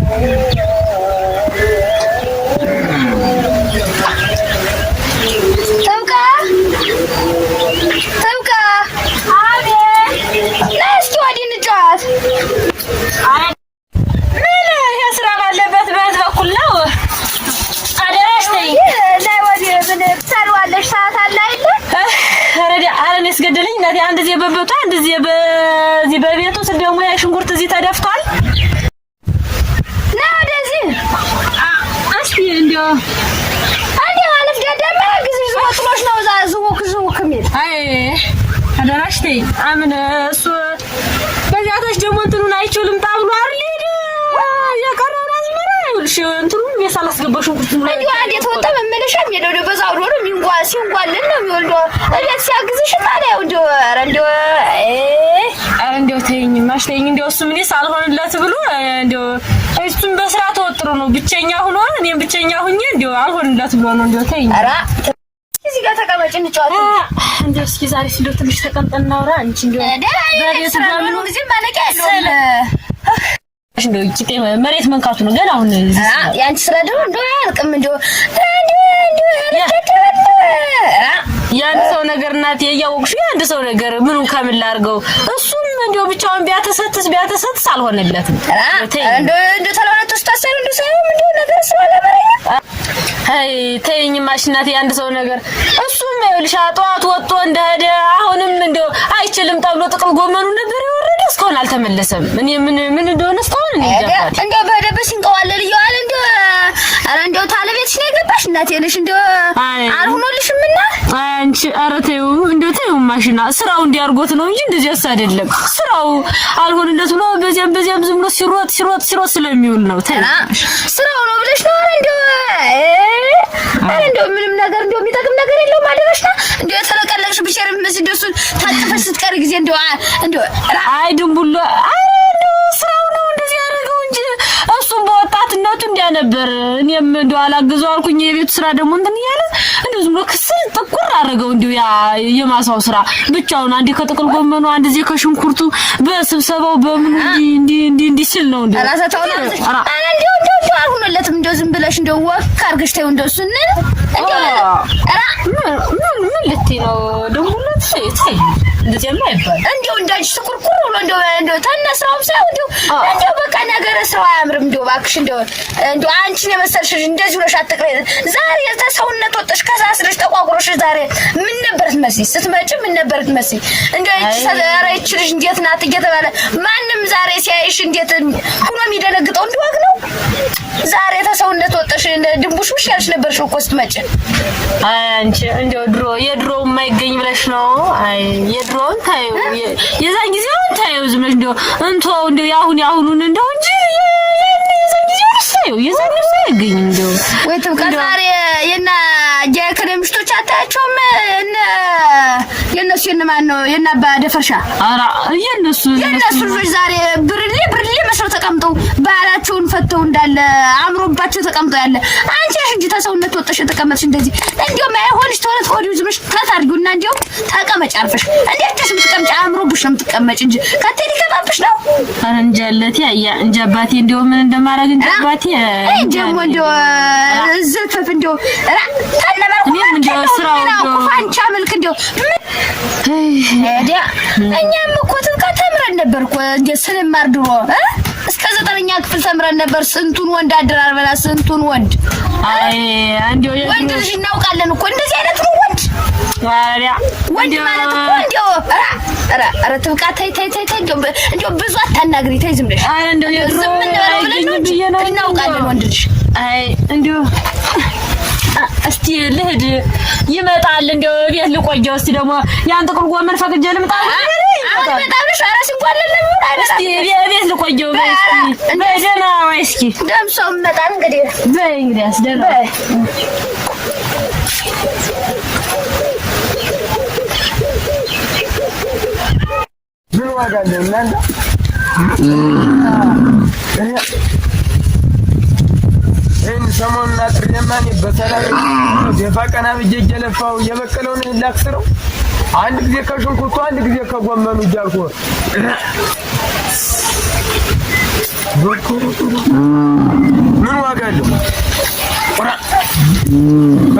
Thank you. ላድርግላት ብሎ እሱም በስራ ተወጥሮ ነው ብቸኛ ሆኖ እኔም ብቸኛ ሆኜ እንደው አልሆንለት ብሎ ነው እንደው ተይኝ። ኧረ እዚህ ጋር ተቀመጭ እንጫወት። እንደው እስኪ ዛሬ እንደው ትንሽ ተቀምጠን እናውራ አንቺ መሬት መንካቱ ነው። ገና አሁን ስራ ደግሞ እንደው አያልቅም እንደው የአንድ ሰው ነገር እናት እያወቅሽ የአንድ ሰው ነገር ምኑን ከምን ላድርገው? እሱም እንደው ብቻውን ቢያተሰትስ ቢያተሰትስ አልሆነለትም። እንደው እንደው ተላውነት ውስጥ ታሰር እንደው ሳይሆን እንደው ነገር ስለማለበረኝ አይ ተይኝማሽ እናቴ፣ የአንድ ሰው ነገር እሱም ይኸውልሽ ጠዋት ወጥቶ እንደሄደ አሁንም እንደው አይችልም ተብሎ ጥቅል ጎመኑ ነበር የወረደ እስካሁን አልተመለሰም። እኔ ምን ምን እንደሆነ እስካሁን እኔ ይገባል እንደው በደብስ እንቀዋለል ይዋል እንደው አረ እንደው ታለቤትሽ ነገር እናቴ ነሽ እንደው አልሆኖልሽም። እና አንቺ ኧረ ተይው እንደው ተይው ማሽና ስራው እንዲያርጎት ነው እንጂ እንደዚያስ አይደለም። ስራው አልሆንለት ብሎ በዚያም በዚያም ዝም ብሎ ሲሮጥ ሲሮጥ ሲሮጥ ስለሚውል ነው። ተይው ስራው ነው ብለሽ ነው። ኧረ እንደው ኧረ እንደው ምንም ነገር እንደው የሚጠቅም ነገር የለውም። አደረሽ ነው እንደው የተለቀለቅሽ ብቻ ነው መስል ታጥፈሽ ስትቀር ጊዜ እንደው እንደው አይ ድንቡሎ ኧረ እንደው ስራው ነው እንደዚህ ያደረገው እንጂ እሱም በወጣ ማለት እናቱ እንዲያ ነበር። እኔም እንደው አላግዘው አልኩኝ። የቤቱ ስራ ደግሞ እንትን እያለ እንደው ዝም ብሎ ክስል ጥቁር አድርገው እንደው ያ የማሳው ስራ ብቻውን አንዴ ከጥቅል ጎመኑ አንድ ጊዜ ከሽንኩርቱ በስብሰባው በምኑ እንዲ እንዲ እንዲ ሲል ነው እንደው ራሳቸው እንደው እንደው አልሆነለትም። እንደው ዝም ብለሽ እንደው ወክ አድርገሽ ተይው እንደው እሱን እንደው ኧረ ምን ምን ልትይ ነው ደግሞ እንደው እንዳንቺ ትኩርኩር ብሎ እንደው እንደው ተነሳውም ስራውም ሳይሆን እንደው በቃ ነገረ ስራው አያምርም። እንደው እባክሽ እንደው እንደው አንቺን የመሰልሽ እንደዚህ ብለሽ አትቅሪ። ዛሬ ተሰውነት ወጥሽ ከዛስ ልጅ ተቋቁሮሽ ዛሬ ምን ነበር ትመስይ? ስትመጪ ምን ነበር ትመስይ? እንደው ይቺ ልጅ እንዴት ናት እየተባለ ማንም ዛሬ ሲያይሽ እንዴት ሁሉ የሚደነግጠው እንደው ነው። ዛሬ ተሰውነት ወጥሽ ድንቡሽ ምሽ ያልሽ ነበርሽ እኮ ስትመጪ። አይ አንቺ እንደው ድሮ የድሮው የማይገኝ ብለሽ ነው። አይ የድሮውን ታዩ የዛን ጊዜውን ታዩ ዝም ብለሽ እንደው እንትን እንደው ያሁን ያሁኑን እንደው እንጂ ሳየው የዛን ሰው ሳይገኝ እንደው ወይ ተብቃ ዛሬ የና ጃከረ ምሽቶች አታያቸውም እነ የነሱ የነማን ነው? የናባ ደፈርሻ አራ የነሱ የነሱ ልጆች ዛሬ ብርሌ ብርሌ መስሎ ተቀምጠው ባህላቸውን ፈተው እንዳለ አምሮባቸው ተቀምጠው ያለ አንቺ እጅ ተሰውነት ወጥሽ የተቀመጥሽ እንደዚህ እንዲያውም አይሆንሽ ተወለት ቆዲው ዝምሽ ታታርጉና እንዲያውም ተቀመጭ አርፈሽ እንዴት ደስ ምትቀምጭ አምሮብሽ ነው የምትቀመጭ እንጂ ከቴዲ ከባብሽ ነው እንጀለቴ ያ እንጀባቴ እንዲያው ምን እንደማረግ እንጀባቴ እንጀሞ እንዲያው ዝልፍፍ እንዲያው ራ ታነበር እኔም እንዲያው ስራው እንዲያው ፋንቻ መልክ እንዲያው እኛም እኮ ትንቃ ተምረን ነበር እኮ እንደ ስንማር ድሮ እስከ ዘጠነኛ ክፍል ተምረን ነበር። ስንቱን ወንድ አደራርበና ስንቱን ወንድ ወንድ ልጅ እናውቃለን እኮ እንደዚህ አይነት ነው ወንድ ወንድ ማለት እኮ ኧረ ትብቃ ተይ ተይ ተይ ተይ እንደው ብዙ አታናግሪ ተይ ዝም ብለሽ እናውቃለን ወንድ ልጅ እንደው እስቲ ልሂድ፣ ይመጣል። እንደው ቤት ልቆየው። እስቲ ደግሞ ያን ጥቅል ጎመን ፈቅጄ ልምጣ። ቤት ልቆየው። ደህና ዋይ። እስኪ ደምሶም መጣን እንግዲህ በይ እንግዲያስ ደህና ምን ዋጋ አለው እናንተ ሰሞኑን አጥር ደማኔ በሰላም ደፋ ቀና ብዬ እየለፋሁ የበቀለውን ላክስረው አንድ ጊዜ ከሽንኩርቱ አንድ ጊዜ ከጎመኑ እያልኩ ምን ዋጋ አለው?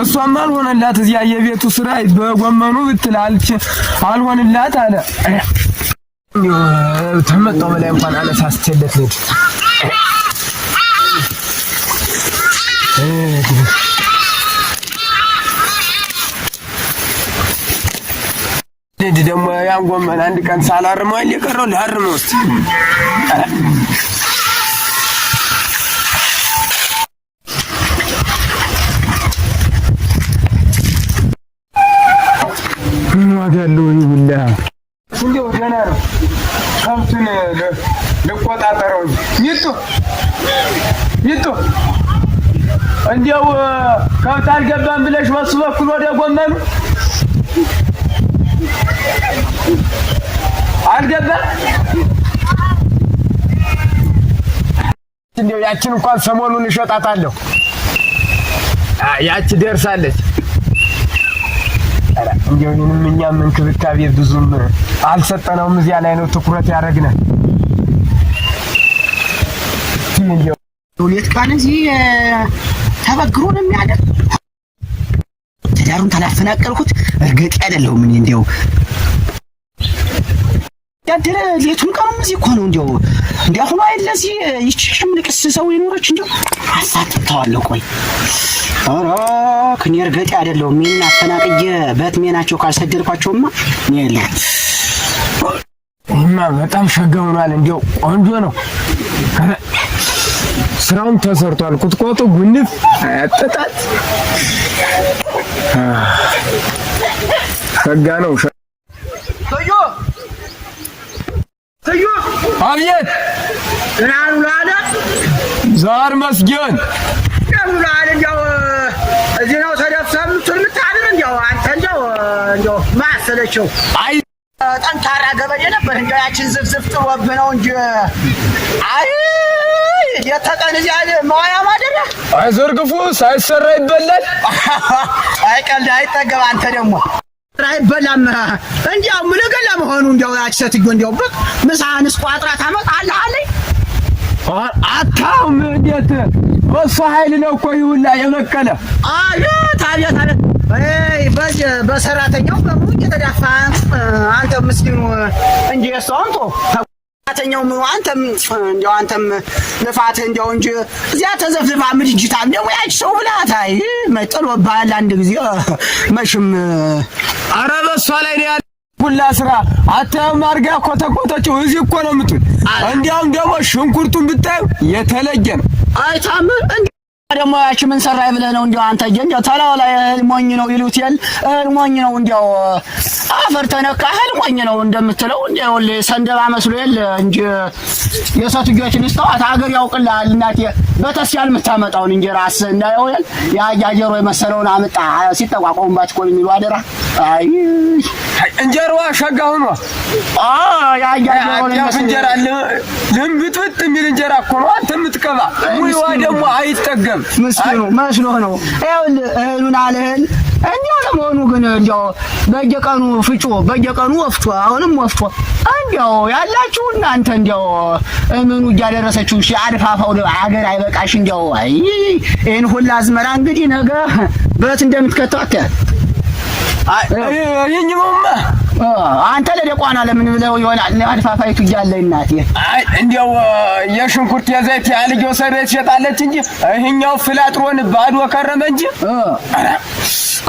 እሷም አልሆነላት። እዚያ የቤቱ ስራ በጎመኑ ብትል አልሆንላት አለ። ተመጣው በላይ እንኳን አነሳስተለት ልጅ እንሂድ። ደግሞ ያን ጎመን አንድ ቀን ሳላርመው አይደል የቀረው? ላርመው እስኪ ምን ዋጋ እንዴው ገና ነው ከብቱን ልቆጣጠረው። ይጡ ይጡ እንዲያው ከብት አልገባም ብለሽ በሱ በኩል ወደ ጎመኑ አልገባ እንደው ያችን እንኳን ሰሞኑን እሸጣታለሁ። ያች ደርሳለች። እንደው እኔንም እኛም እንክብካቤ ብዙም አልሰጠነውም። እዚያ ላይ ነው ትኩረት ያደረግነው። ሌት ቃን እዚህ ተበግሮ ነው የሚያደር ትዳሩን ተናፈናቀልኩት። እርግጥ አይደለሁም እኔ እንደው ያደረ ሌቱን ቀኑ እዚህ እኮ ነው። እንዲያው እንዲያው አሁን አይደለ እዚህ ይቺ ሽምልቅስ ሰው የኖረች እንዲያው አሳጥተዋለሁ። ቆይ ኧረ ከኔ እርገጤ አይደለሁም። ምን አፈናቅዬ በትሜ ናቸው ካልሰደድኳቸውማ ነው ያለው። እና በጣም ሸጋ ሆኗል። እንዲያው ቆንጆ ነው። ስራውን ተሰርቷል። ቁጥቋጦ ጉንፍ አያጠጣት ሸጋ ነው። አብየት ዛር መስጊን እዚህ ነው እንዲያው አንተ እንዲያው እንዲያው ማሰለቸው አይ ጠንካራ ገበሬ ነበር። እንዲያው ያችን ነው እንጂ አይ የተቀን መዋያ ማደሪያ ሳይሰራ ይበላል። አይቀልድ አይጠገብ አንተ ደግሞ አይበላም እንዲያው ምን ለመሆኑ እንዲያው ያች ሴትዮ እንዲያው ብቅ ምሳህን እስቋጥራ ታመጣለህ አለኝ። አታውም እንዴት እሱ ኃይል ነው እኮ ይሁላ የበቀለ አቤት አቤት አቤት አይ በዚህ በሰራተኛው በሙሉ እየተዳፋ አንተ ምስኪኑ እንጂ የሷን ቶ ተኛውም አንተም እንደው አንተም ልፋትህ እንደው እንጂ እዚያ ተዘፍዝፋ ምድጅታ እንደው ያች ሰው ብላት አይ መጥሎ ባል አንድ ጊዜ መሽም ኧረ በእሷ ላይ ነው ያለ ሁላ ስራ አታየውም አድርጋ ኮተኮተችው። እዚህ እኮ ነው የምትውል። እንዲያውም ደግሞ ሽንኩርቱን ብታዩ የተለየ ነው። አይታምር ደግሞ ያቺ ምን ሰራይ ብለህ ነው እንዲያው አንተ እጄ እንዲያው ተላው ላይ እህል ነው ይሉት የለ እህል ሞኝ ነው እንዲያው አፈር ተነካ እህል ነው እንደምትለው እንዲያው ሰንደባ መስሎ የለ እንጂ የሴትዮችን ስተዋት አገር ያውቅልሃል። እናቴ በተስያል የምታመጣውን እንጀራ አስ እንዳየው የለ የአጃጀሮ የመሰለውን አምጣ ሲጠቋቋሙባት እኮ የሚሉ አደራ። አይ እንጀራዋ ሸጋ ሆኗ እንጀራ ልምብጥብጥ የሚል እንጀራ እኮ ነው አንተ የምትቀባ ሙይዋ ደግሞ አይጠገብ አይደለም ምስኪኑ መስሎ ነው። ይኸውልህ እህሉን አልህል እንዲያው ለመሆኑ ግን እንዲያው በየቀኑ ፍጮ በየቀኑ ወፍጮ አሁንም ወፍጮ እንዲያው ያላችሁ እናንተ እንዲያው እምኑ እያደረሰችው እሺ፣ አድፋፋው አገር አይበቃሽ እንዲያው አይ ይህን ሁላ አዝመራ እንግዲህ ነገ በት እንደምትከተው አታያል። አይ ይሄኛውማ አንተ ለደቋና ለምን ብለው ይሆናል አድፋፋይቱ እያለ እናቴ እንዲያው የሽንኩርት የዘይት ያልጆ ሰቤት ሸጣለች እንጂ ይህኛው ፍላጥሮን ባዶ ከረመ እንጂ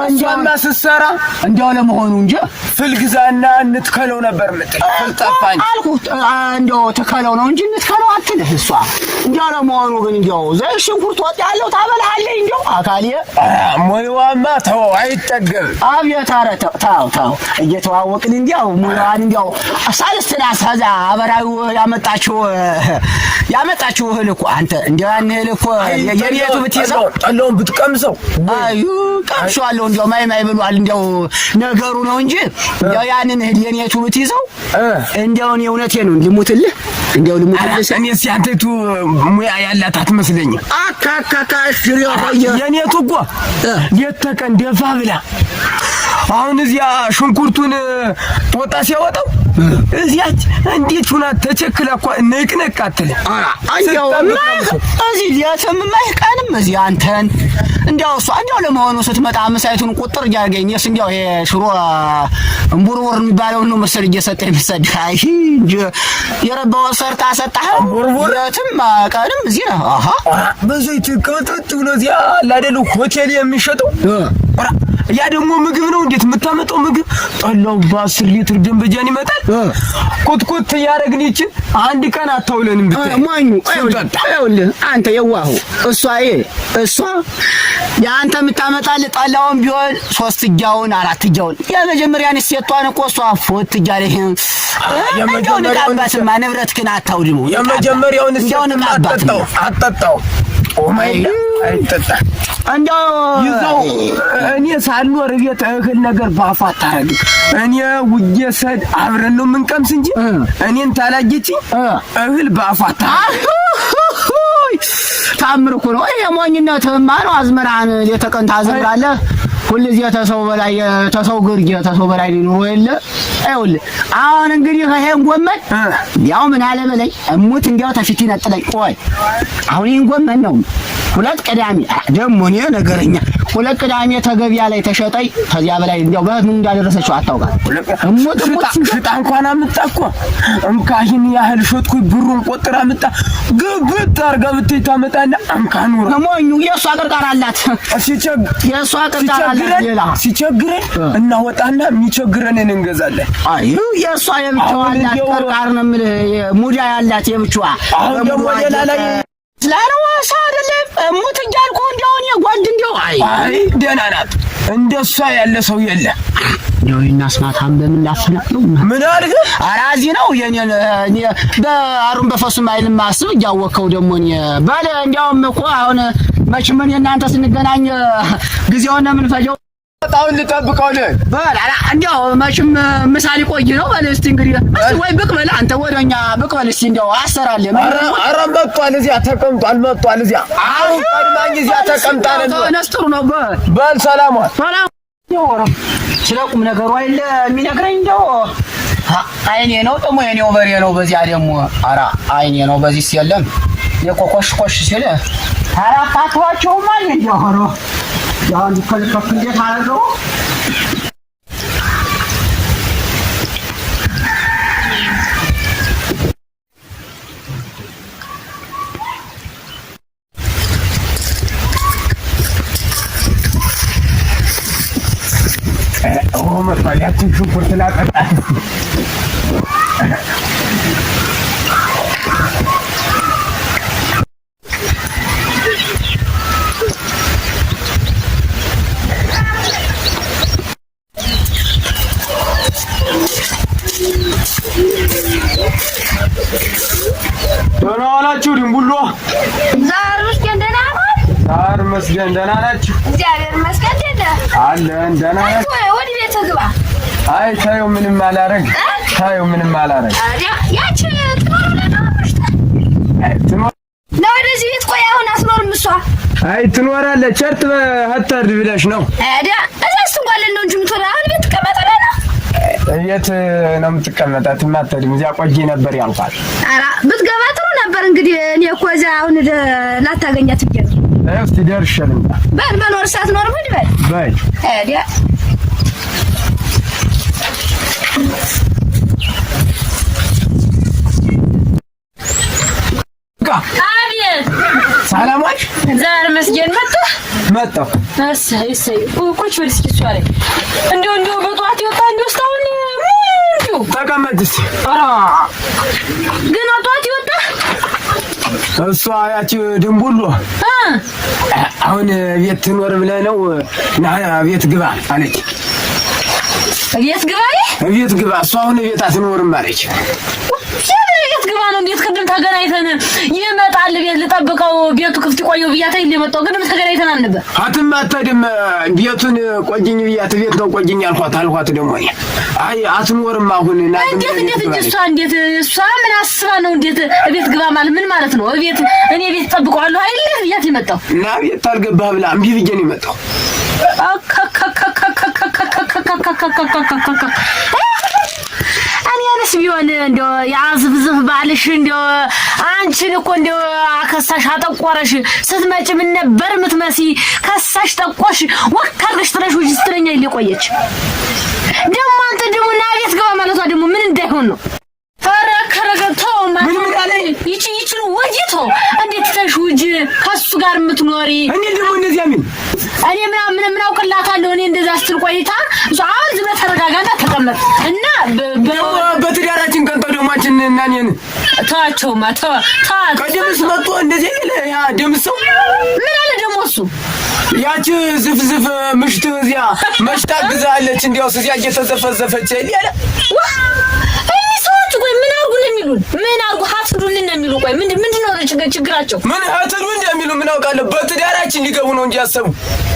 እንጃማ ስትሰራ እንዲያው ለመሆኑ እንጂ ፍልግዛና እንትከለው ነበር የምትል ፍል ጠፋኝ አልኩህ። እንዲያው ትከለው ነው እንጂ እንትከለው አትልህ እሷ። እንዲያው ለመሆኑ ግን እንዲያው ዘይት ሽንኩርት ወጥ ያለው ታበላሃለህ? እንዲያው አካል ሙያዋማ ተው አይጠገብ። አብየት ኧረ ተው ተው፣ እየተዋወቅን እንዲያው ሙያዋን እንዲያው ሳልስትና ሳዛ አበራዊ ያመጣችሁ ያመጣችሁ እህል እኮ አንተ እንዲያው ያን እህል እኮ የቤቱ ብትይዘው ጠላውን ብትቀምሰው አዩ ቀምሼዋለሁ እንዲያው ማይ ማይ ብሏል። እንዲያው ነገሩ ነው እንጂ እንዲያው ያንን እህል የኔ ብትይዘው እንዲያው እኔ እውነቴ ነው ልሙትልህ፣ እንዲያው ልሙትልህ። እኔ ሲያንተቱ ሙያ ያላት አትመስለኝም። አካካካሽ ሪዮ የኔ ቱ እኮ የተቀን ደፋ ብላ አሁን እዚያ ሽንኩርቱን ወጣ ሲያወጣው እዚያች እንዴት ሁና ተቸክላ እኮ ነቅነቅ አትልም። እዚህ ሊያሰምማህ ቀንም እዚህ አንተን እንዲያው እሷ እንዲያው ለመሆኑ ስትመጣ መሳይቱን ቁጥር እያርገኝ ስ እንዲያው ይሄ ሽሮ እምቡርቡር የሚባለው ነው መሰል እየሰጠ የሚሰድ የረባው ሰርታ ሰጣህ ቡርቡርትም ቀንም እዚህ ነው ብዙ ኢትዮጵያ ጥጥ ብሎ እዚያ ላደሉ ሆቴል የሚሸጠው ያ ደግሞ ምግብ ነው። እንዴት የምታመጣው ምግብ ጠላው በአስር ሊትር ደንበጃን ይመጣል። ኮትኮት እያደረግን ይችን አንድ ቀን አታውለንም ብታይ ማኙ አንተ የዋሁ እሷ እሷ የአንተ የምታመጣልህ ጠላውን ቢሆን ሶስት እጃውን አራት እጃውን የመጀመሪያን ሴቷን እኮ እሷ ፎት እያለ ይሄን የመጀመሪያውን ንብረት ግን አታውድሙ የመጀመሪያውን ሴቷን አጣጣው አጣጣው እንደው ይዘው እኔ ሳልኖር ቤት እህል ነገር ባፏ አታረግ። እኔ ውጌ ሰድ አብረን ነው የምንቀምስ እንጂ እኔን ታላጌችኝ እህል ባፏ አታረግ። ታምር እኮ ነው ይሄ ሞኝነትማ ነው። አዝመራን ሌት ተቀን ሁልጊዜ ተሰው በላይ ተሰው ግርጌ ተሰው በላይ ሊኖር የለ። አይውል። አሁን እንግዲህ ይሄን ጎመን ያው ምን አለ በላይ እሙት እንዲያው ተፊት ይነጥለኝ። ቆይ አሁን ይሄን ጎመን ነው ሁለት ቅዳሜ ደግሞ እኔ ነገረኛ ሁለት ቅዳሜ ተገቢያ ላይ ተሸጠኝ። ከዚያ በላይ እንዲያው በምን እንዳደረሰችው አታውቃም። እሙት እሙት ሽጣ እንኳን አምጣ እኮ እምካ ያህል ሸጥኩ ብሩን ቆጥራ አምጣ ግብት አድርጋ ብትይ ታመጣና እምካ ኑሮ ሞኙ የእሷ ቅርቃር አላት የእሷ ቅርቃር ሲቸግረን ሲቸግረን እናወጣና የሚቸግረንን እንገዛለን። አይ የእሷ የብቻዋ ቀርቃር ነው የምልህ ሙዳ ያላት የብቻዋ አሁን ደግሞ ሌላ ላይ ስላረዋሳ አይደለም ሙት እያልኩ እንዲያውን የጓድ እንዲያው አይ ደህና ናት እንደሷ ያለ ሰው የለ። ጆይና ስማታም በምን ላፈለቅ ነው? ምን አልክ? አራዚ ነው የኔ እኔ በአሩን በፈሱ ማይል ማስብ እያወከው ደግሞ እኔ በል እንዲያውም እኮ አሁን መቼም እኔ እናንተ ስንገናኝ ጊዜውን ነው የምንፈጀው። በጣም ልጠብቀው ነህ በል። እንዲያው መቼም ምሳ ሊቆይ ነው። በል እስኪ እንግዲህ ወይ ብቅ በል አንተ ወደኛ ብቅ በል እስኪ እንዲያው አሰራለህ። ኧረ መጥቷል፣ እዚያ ተቀምጧል። መጥቷል፣ እዚያ አሁን ቀድማኝ እዚያ ተቀምጣል። ነስጥሩ ነው። በል በል፣ ሰላም ሰላም። ስለ ቁም ነገሩ አይደል የሚነግረኝ? እንዲያው አይኔ ነው ጥሞ የኔው በሬ ነው። በዚያ ደግሞ ኧረ አይኔ ነው በዚህ ሲለም የኮኮሽ ኮሽ ሲል ኧረ አታቷቸውም አለ እንዲያው Ja, und die können doch hier gerade so. Oh, me fallaste un porcelana. ዛር መስገን ደህና ነው። እግዚአብሔር አለን። ደህና ወደ ቤት ግባ። አይ ታዩ ምንም አላረግ። ታዩ ምንም አላረግ። ያቺ ነው ወደዚህ ቤት ቆይ። አሁን አትኖርም እሷ። አይ ትኖራለች። ቸርት በሀታርድ ብለሽ ነው እዛ ነው እንጂ የት ነው የምትቀመጠው? ትማተድም እዚያ ቆይ ነበር ያልኳት። ኧረ ብትገባ ጥሩ ነበር። እንግዲህ እኔ እኮ እዚያ አሁን ላታገኛት ብዬሽ ነው። እስኪ ደርሼ ልምጣ። በል መኖር ኖር ምን በል በል ሄደህ ሰላማች መጣ መጣ እሰይ እሰይ ቁጭ በል እስኪ እሷ ላይ እንደው እንደው በጠዋት ተመጭስ ገና ጠዋት ይወጣ እሷ ያች ድንቡሎ አሁን ቤት ትኖር ብለህ ነው? ና ቤት ግባ አለች። ቤት ግባ ቤት ግባ እሷ አሁን ቤት አትኖርም አለች። ፈልጋ ነው። እንዴት ቅድም ተገናኝተን ይመጣል ቤት ልጠብቀው ቤቱ ክፍት ቆየው ብያት እንደመጣሁ ቅድም ተገናኝተን አልነበር። አትማተድም ቤቱን ቆይኝ ብያት ቤት ነው ቆይኝ አልኳት። አልኳት ደግሞ አይ አትኖርም አሁን እንዴት እንዴት እንጂ እሷ እንዴት እሷ ምን አስባ ነው እንዴት ቤት ግባ ማለት ምን ማለት ነው? ቤት እኔ ቤት ጠብቀዋለሁ አይል ብያት የመጣሁ እና ቤት አልገባህ ብላ እምቢ ብዬሽ ነው የመጣሁ ቢሆንስ ቢሆን እንደ ያዝብዝፍ ባልሽ እንደ አንቺን እኮ እንደ አከሳሽ አጠቆረሽ። ስትመጪ ምን ነበር ምትመሲ? ከሳሽ ጠቆሽ ወካርሽ ትረሽ ውጭ ስትለኛ ይቆየች ደግሞ አንተ ደግሞ ና ቤት ገባ ማለቷ ደግሞ ምን እንዳይሆን ነው። ከሱ ጋር የምትኖሪ እኔ ደግሞ እንደዚህ አሚን እኔ ምናምን ምን አውቅላታለሁ። እኔ እንደዛ ስትል ቆይታ አሁን ዝም ተረጋጋና ተቀመጥ እና በትዳራችን ቀን ቀደማችን እና እኔን ተዋቸውማ ቀደምስ መጥቶ እንደዚህ ያ ደምስ ምን አለ ደግሞ እሱ ያቺ ዝፍዝፍ ምሽት እዚያ መሽታ ግዛለች እንዲያውስ እዚያ እየተዘፈዘፈች ያለ የሚሉን? ምን አርጉ ሀፍሩልን ነው የሚሉ? ቆይ ምንድን ነው ችግራቸው? ምን ሀፍሩ እንደሚሉ ምን አውቃለሁ? በትዳራችን ሊገቡ ነው እንጂ ያሰቡ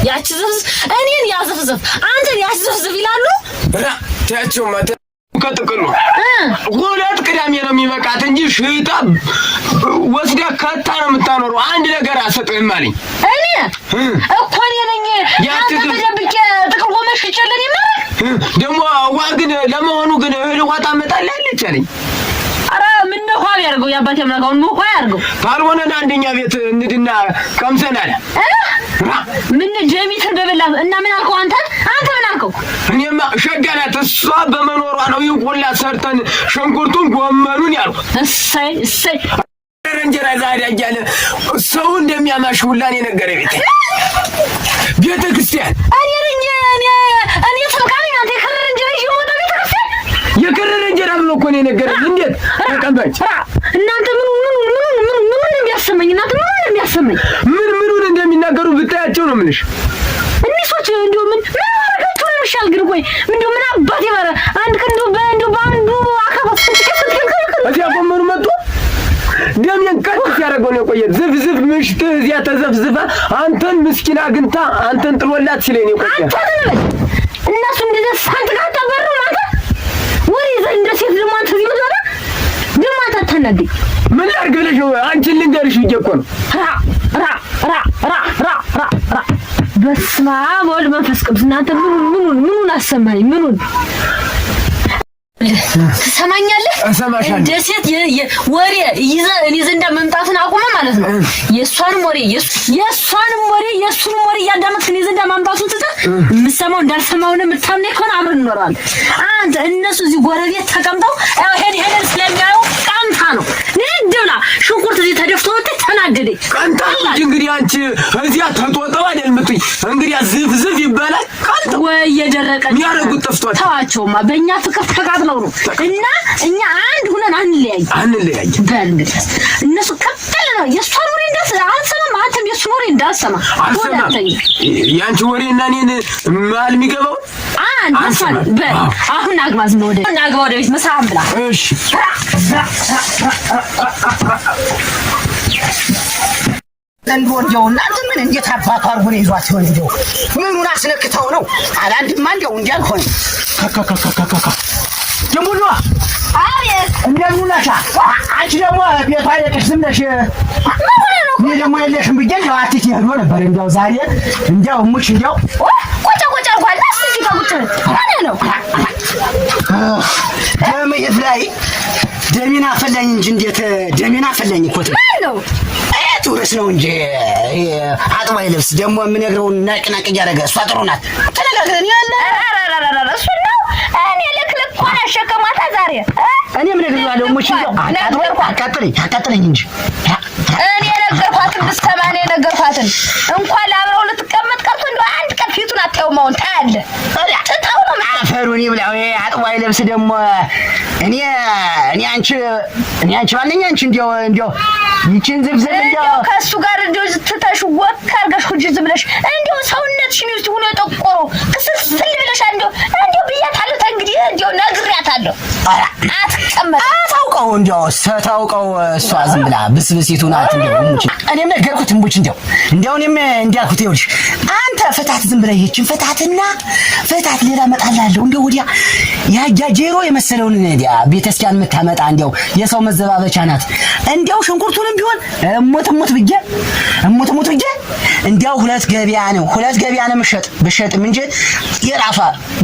ያቺ ዘፍዝ እኔን ያዘፍዘፍ አንተን ያዘፍዘፍ ይላሉ። ታያቸው ማተ ከጥቅሉ ሁለት ቅዳሜ ነው የሚበቃት እንጂ ሽጣ ወስዳ ከታ ነው የምታኖረው። አንድ ነገር አሰጥህም አለኝ። እኔ እኮ እኔ ነኝ አንተ ጥቅል ጎመን ሽጬልን ይመራል ደግሞ ዋግን ለመሆኑ ግን እህል ዋጣ መጣልህ አለች አለኝ ውሃ ቢያርገው የአባቴ አምላክ አሁን ውሃ ያርገው። ካልሆነ አንደኛ ቤት እንድና ቀምሰናል። ምን ጀሚትን በበላ እና ምን አልከው አንተ? አንተ ምን አልከው? እኔማ ሸጋ ናት እሷ በመኖሯ ነው ይሁን ሁላ ሰርተን ሽንኩርቱን ጎመኑን ያልኩት። እሰይ እሰይ እንጀራ ዛሬ ያያለ ሰው እንደሚያማሽ ሁላ እኔ ነገረ ቤት ቤተ ክርስቲያን እኔ እኔ እኔ ሰው አንተ ከረንጀራ እንጀራ ይሞታ የከረረ እንጀራ ብሎ እኮ ነው የነገረኝ። እንዴት ተቀበች እናንተ ምን ምን ምን ምን ምን እንደሚያሰመኝ እናንተ ምን እንደሚያሰመኝ ምን ምኑን እንደሚናገሩ ብታያቸው ነው የምልሽ። እኒህ ሰዎች እንደው ምን ምን አረጋችሁ ነው የሚሻል ግን ቆይ እንደው ምን አባት ይባረ አንድ ከንዱ በእንዱ ባንዱ አካባቢ ትከፍት ከልከል እዚያ ቆመሩ መጡ። ደሜን ቀጥ ሲያደርገው ነው የቆየ። ዝፍዝፍ ምሽት እዚያ ተዘፍዝፈ አንተን ምስኪን አግኝታ አንተን ጥሎላት ሲለኝ ነው የቆየ። አንተ ተነበል እነሱ እንደዛ ሳንጥቃት ትችላለህ ምን ላድርግ ብለሽ አንቺን ልንገርሽ ብዬሽ እኮ ነው። ራ ራ ራ ራ ራ ራ በስመ አብ ወልድ መንፈስ ቅዱስ። እናንተ ምኑን ምኑን አሰማኝ ምኑን ትሰማኛለህ? እንደ ሴት ወሬ እኔ ዘንዳ መምጣትን አቁመ ማለት ነው። የእሷንም ወሬ የእሷንም ወሬ የእሱንም ወሬ እያዳመጥክ እኔ ዘንዳ ማምጣቱን ትተህ የምትሰማው እንዳልሰማው ነው የምታምነኝ ከሆነ አብረን እንኖራለን። አንተ እነሱ እዚህ ጎረቤት ተቀምጠው ሽንኩርት እዚህ ተደፍቶ ወጣች፣ ተናደደች። ቀንታ እንግዲህ አንቺ እዚያ ተንጦጠው አይደል የምትይ? እንግዲህ ዝፍ ዝፍ ይበላል። ቀንታ ወይ የደረቀ የሚያደርጉት ጠፍቷል። ተዋቸውማ፣ በእኛ ፍቅር ተቃጥለው ነው። እና እኛ አንድ ሁነን አንለያይ፣ አንለያይ በእንግዲህ እነሱ ነው የእሷን ወሬ እንዳልሰማ አልሰማም። አንተም የእሱን ወሬ እንዳልሰማ አልሰማም። የአንቺ ወሬ እና እኔን መሀል የሚገባው አሁን አግባ፣ ዝም ብለህ ወደ አግባ፣ ወደ ቤት መስራህን ብላ። እሺ እንደው እናንተ ምን እንዴት አባቱ አድርጎ ነው ይዟት ይሆን? እንደው ምኑን አስነክተው ነው አላንድማ። እንደው እንዲህ አልሆነም ጅንቡሉ አቤት፣ እንደምን ውለሻ? አንቺ ደግሞ ነበር። እንዲያው ዛሬ እንዲያው ሙሽ እንዲያው ቁጭ ነው አፈላኝ እንዴት ደሜን አፈላኝ እኮ ነው እንጂ አጥባ ልብስ ደግሞ የምነግረውን ናቅናቅ እሷ ጥሩ ናት። ሆነ ሸከማታ ዛሬ እኔ ምን እነግርሻለሁ? ሙሽዬው አቃጥለኝ አቃጥለኝ እንጂ እኔ ነገርኳትን ብትሰማ እኔ ነገርኳትን እንኳን ለአብረው ልትቀመጥ ቀርቶ እንደው አንድ አትቀውመውን ታያለህ። ትታው ነው አፈሩን ይብላው። አጥዋ ይለብስ ደግሞ እኔ እኔ አንቺ እኔ አንቺ ማንኛ አንቺ እንዲያው እንዲያው ይቺን ዝብዝብ እንዲያው ከእሱ ጋር እንዲያው ትተሽ ወክ አድርገሽ ሁጂ ዝም ብለሽ እንዲያው ሰውነትሽን ውስጥ ሆኖ የጠቆረው ክስስል ብለሽ እንዲያው እንዲያው ብያታለሁ። እንግዲህ እንዲያው ነግሬያታለሁ። አትቀመጥ አታውቀው እንዲያው ስታውቀው እሷ ዝም ብላ ብስብሲቱ ናት። እንዲያው እኔም ነገርኩት እምቡች እንዲያው እንዲያው እኔም እንዲያልኩት ይኸውልሽ አንተ ፍታት ዝም ብለህ ያችን ፈታትና ፈታት ሌላ እመጣላለሁ። እንደው ወዲያ ያጃ ጄሮ የመሰለውን እንዲያ ቤተስኪያን የምታመጣ እንደው የሰው መዘባበቻ ናት። እንደው ሽንኩርቱንም ቢሆን እሞት እሞት ብዬ እሞት እሞት ብዬ እንዲያው ሁለት ገበያ ነው ሁለት ገበያ ነው የምሸጥ ብሸጥም እንጂ የራሷ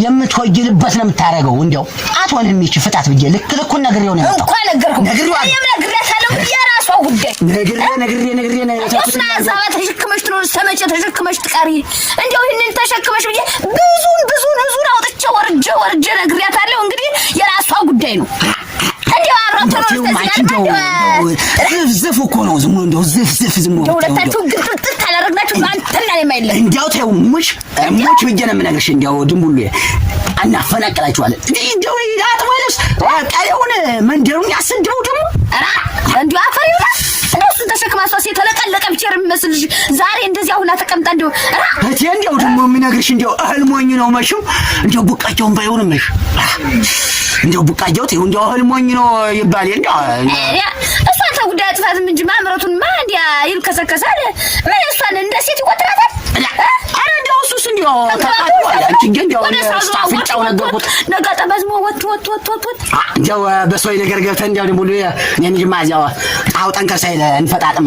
የምትወይልበት ነው የምታረገው። እንዲያው አትሆንም ይቺ ፍታት ብዬ ልክ ልኩን ነግሬው ነው እንኳን ነገርኩ ነግሬው የራሷ ጉዳይ ነግሬ ነግሬ ነግሬ ነው ተሽክመሽ ትኖር ሰመቼ ተሽክመሽ ትቀሪ እንዲያው ይሄንን ተሸ ተረክበሽ ብዬ ብዙን ብዙን ብዙን አውጥቼ ወርጄ ወርጄ ነግሪያታለሁ። እንግዲህ የራሷ ጉዳይ ነው። ዝፍ እኮ ነው። ዝም ብሎ እንደው ዝፍ ዝፍ ዝም ብሎ ሁለታችሁ ግጥጥ ታላረግናችሁ አንተና ሙሽ ሙሽ ነው የምነግርሽ። እናፈናቅላችኋለን። መንደሩን ደግሞ ለማስዋስ የተለቀለቀ ብቻ የሚመስልሽ ዛሬ እንደዚህ አሁን ተቀምጣ እንደው እቴ እንደው ደግሞ የሚነግርሽ እንደው እህልሞኝ ነው መሽው እንደው ቡቃያውን ባይሆን መሽ እንደው ቡቃያው ተይው እንደው እህልሞኝ ነው ይባል እንደው እሷ ተጉዳ ጥፋትም እንጂ ማምረቱን ማ እንዲያ ይልከሰከሳል እሷን እንደ ሴት ይቆጥራታል ሱስ እንዲያው ነገርኩት። በሰው ነገር ገብተን እንዲያው ደግሞ እንፈጣጥም።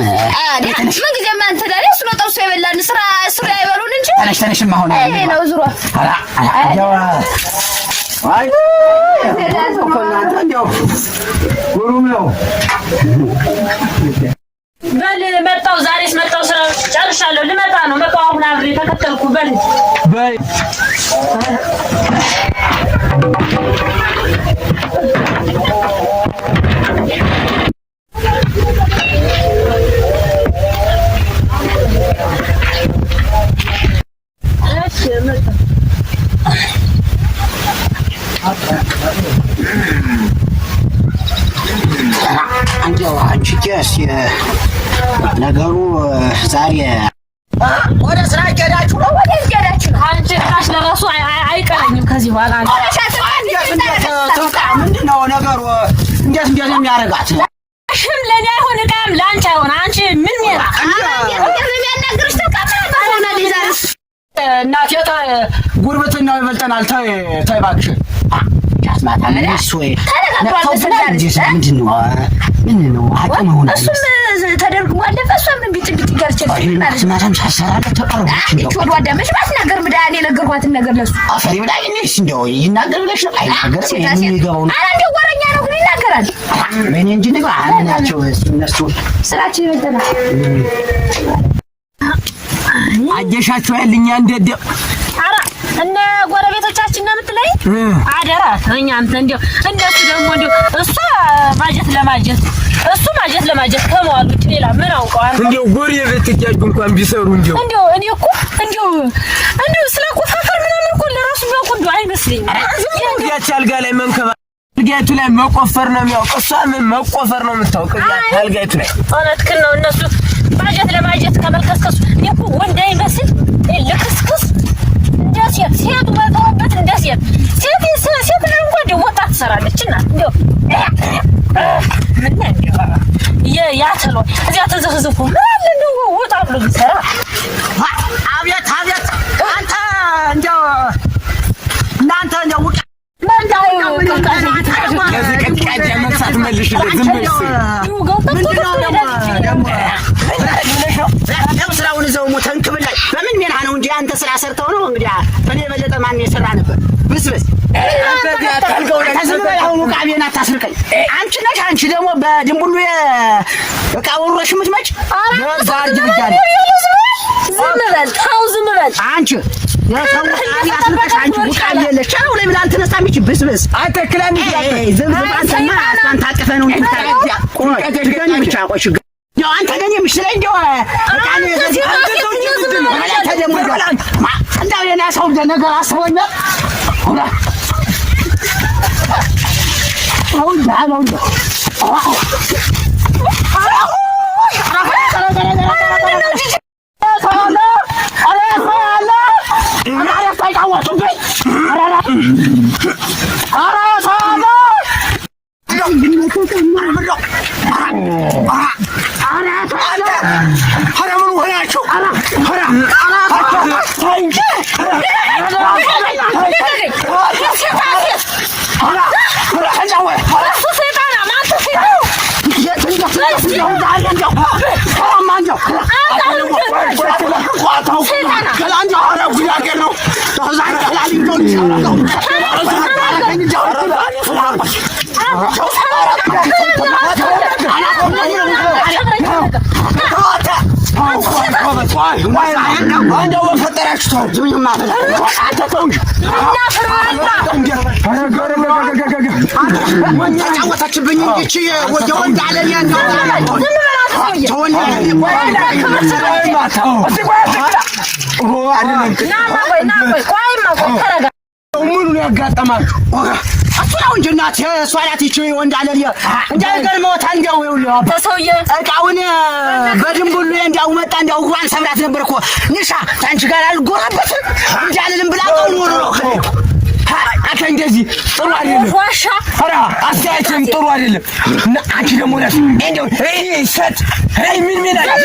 ምን በል መጣው። ዛሬስ መጣው። ስራ ጨርሻለሁ። ልመጣ ነው። መጣው። አሁን አብሬ ተከተልኩ። በል በይ እንደው አንቺዬስ ነገሩ ዛሬ ወደ ስራ እየሄዳችሁ ነው? ወደ እየሄዳችሁ ነው? አንቺ እራስሽ ለራሱ አይቀረኝም ከዚህ በኋላ ምንድን ነው ነገሩ? እንዴት እንዴት ነው የሚያደርጋት? ሽም ለእኔ አይሆን ዕቃም ለአንቺ አይሆን አንቺ ምን ሜራ እናቴ ጉርብትናው ይበልጠናል። ተይ ተይ እባክሽን መስማት አለ ተደርጎ አለፈ። ማለት ማዳም ሳሰራለ ነው እቺ ያልኛ እንደደ እነ ጎረቤቶቻችን ነው የምትለይ አደራ ተኛ አንተ። እንደው እንደሱ ደግሞ እንደው እሷ ማጀት ለማጀት እሱ ማጀት ለማጀት ከመዋል ውጭ ሌላ ምን አውቀዋል? እንደው ጎረቤት እያዩ እንኳን ቢሰሩ እንደው እንደው እኔ እኮ እንደው እንደው ስለ ቆፋፈር ምናምን እኮ ለራሱ ቢያውቁ እንደው አይመስልኝም። ያቺ አልጋ ላይ መንከባ አልጋይቱ ላይ መቆፈር ነው የሚያውቅ እሷ ምን መቆፈር ነው የምታውቅ? አልጋይቱ ላይ እውነትህን ነው። እነሱ ማጀት ለማጀት ከመልከስከሱ የእኮ ወንድ አይመስል ልክስክስ እንደ ሴት ሴቱ በተውበት እንደ ሴት ሴት ሴት አረንጓዴ ወጣ ትሰራለች እና እንዲያው ምን ያተሎ እዚያ ተዘፍዝፎ ምን አለ ወጣ ብሎ ቢሰራ። አቤት አቤት! አንተ እንደው እናንተ እንደው ውቅ ስራውን እዛው ሞተን ክብላሽ በምን ሜና ነው እንጂ አንተ ስራ ሰርተው ነው እንግዲህ እኔ የበለጠ ማን የሰራ ነበር? ብስብስ ተዝበበሁኑ ዕቃ አታስርቀኝ። አንቺ ነሽ አንቺ ደግሞ በድንቡሉ ዕቃ ወሮሽ የምትመጪ ዝም በል ተው፣ ዝም በል አንቺ አየለሽ አሁን ለምን አልተነሳም? ይች ብስብስ አተክላን ይያጠ ዝምዝም አንተማ አንተ አቀፈ ነው እንድታረጃ ቆይ ትገኝ ብቻ ቆይ ያው አንተ ገኝ ምሽለ እንደው በጣም እንደው የኔ ሰው ነገር አስቦኛ ሁላ አሁን ዳለው እንደው አሁን 알아 빨리 와 좀비 알아 알아 사자 알아 사자 하라면 와야 줘 알아 하라 알아 사자 인제 세상아! কেন እንደው በፈጠራችሁ ያጋጠማችሁ እሱ ነው እንጂ እናት እሷ ናት። ይቺ ወንድ አለ እንዳይገርመዎት እንዲያው በሰውዬ እቃውን በድንቡሉ እንዲያው መጣ እንዲያው እግሯን ሰብራት ነበር እኮ ንሻ ታንቺ ጋር አልጎራበትም እንዳልልም ብላ ኖሮ ነው አንተ እንደዚህ ጥሩ አይደለም። ዋሻ ኧረ አስተያየትም ጥሩ አይደለም። አንቺ ደግሞ ነሽ እንደው ይሄ ሰት ምን ምን አለ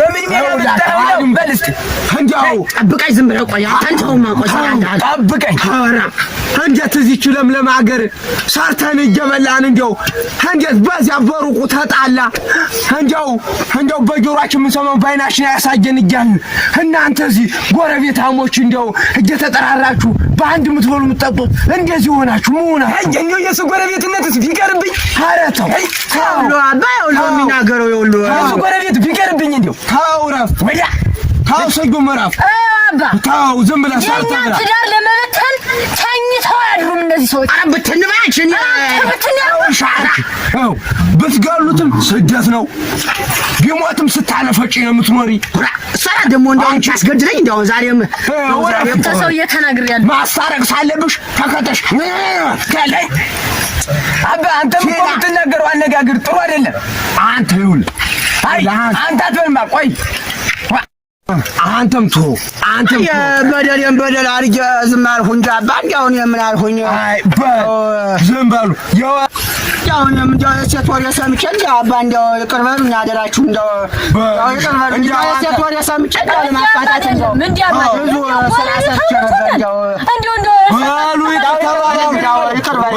በምን ጠብቀኝ፣ ዝም ብለህ ቆይ። ጠብቀኝ እንዴት እዚች ለምለም ሀገር ሰርተን እየበላን እንዲያው እንዴት በዚያ በሩቁ ተጣላ እንዲያው እንዲያው በጆሯችን የምንሰማው በዓይናችን ያሳየን እያልን እናንተ እዚህ ጎረቤታሞች እንዲያው እየተጠራራችሁ በአንድ የምትበሉ የምትጠጡት እንደዚህ ሆናችሁ መሆናችሁ የእሱ ጎረቤትነት ቢቀርብኝ ኧረ ተው ተውሎ አባ ወሎ የሚናገረው የወሎ ራሱ ጎረቤቱ ቢቀርብኝ እንዲሁ ታው ራፍ ወዲያ ታው ሰጁ መራፍ አባ ታው ዝም ብለህ ሰርተና ትዳር ለመበተን ተኝተው ያሉ እነዚህ ሰዎች። አረ ብትንባች እኔ ብትገሉትም ስደት ነው፣ ቢሞትም ስታለፈጭ ነው የምትኖሪ። ሰራ ደግሞ እንደው አንቺ አስገድደኝ እንደው ዛሬም ተሰው እየተናግር ያለ ሳለብሽ ተከተሽ ከለ አባ አንተም እኮ የምትናገረው አነጋገር ጥሩ አይደለም። አንተ ይሁን አንተ አትበልማ ቆይ አንተም ቶ አንተም በደሌን በደል አድርጌ ዝም አልኩህ እንጂ አባ እንዲያሁን የምን አልኩኝ። አይ ዝም በሉ አሁን እንዲያው የሴት ወሬ ሰምቼ እንዲያው አባ እንዲያው ይቅር በሉኝ አደራችሁ። እንዲያው ይቅር በሉኝ እንዲያው የሴት ወሬ ሰምቼ እንዲያው ለማፋታት እንዲያው እንዲያው በሉ ይቅር በሉ ይቅር በይኝ።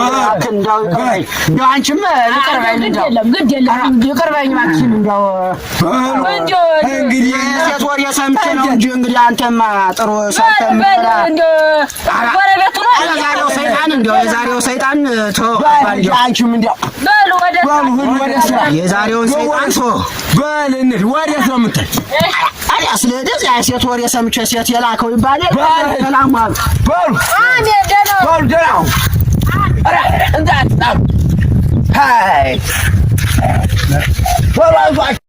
የዛሬውን ሴት ወሬ ሰምቼ ሴት የላከው ይባላል። Calm down. Hey. Well, I was like,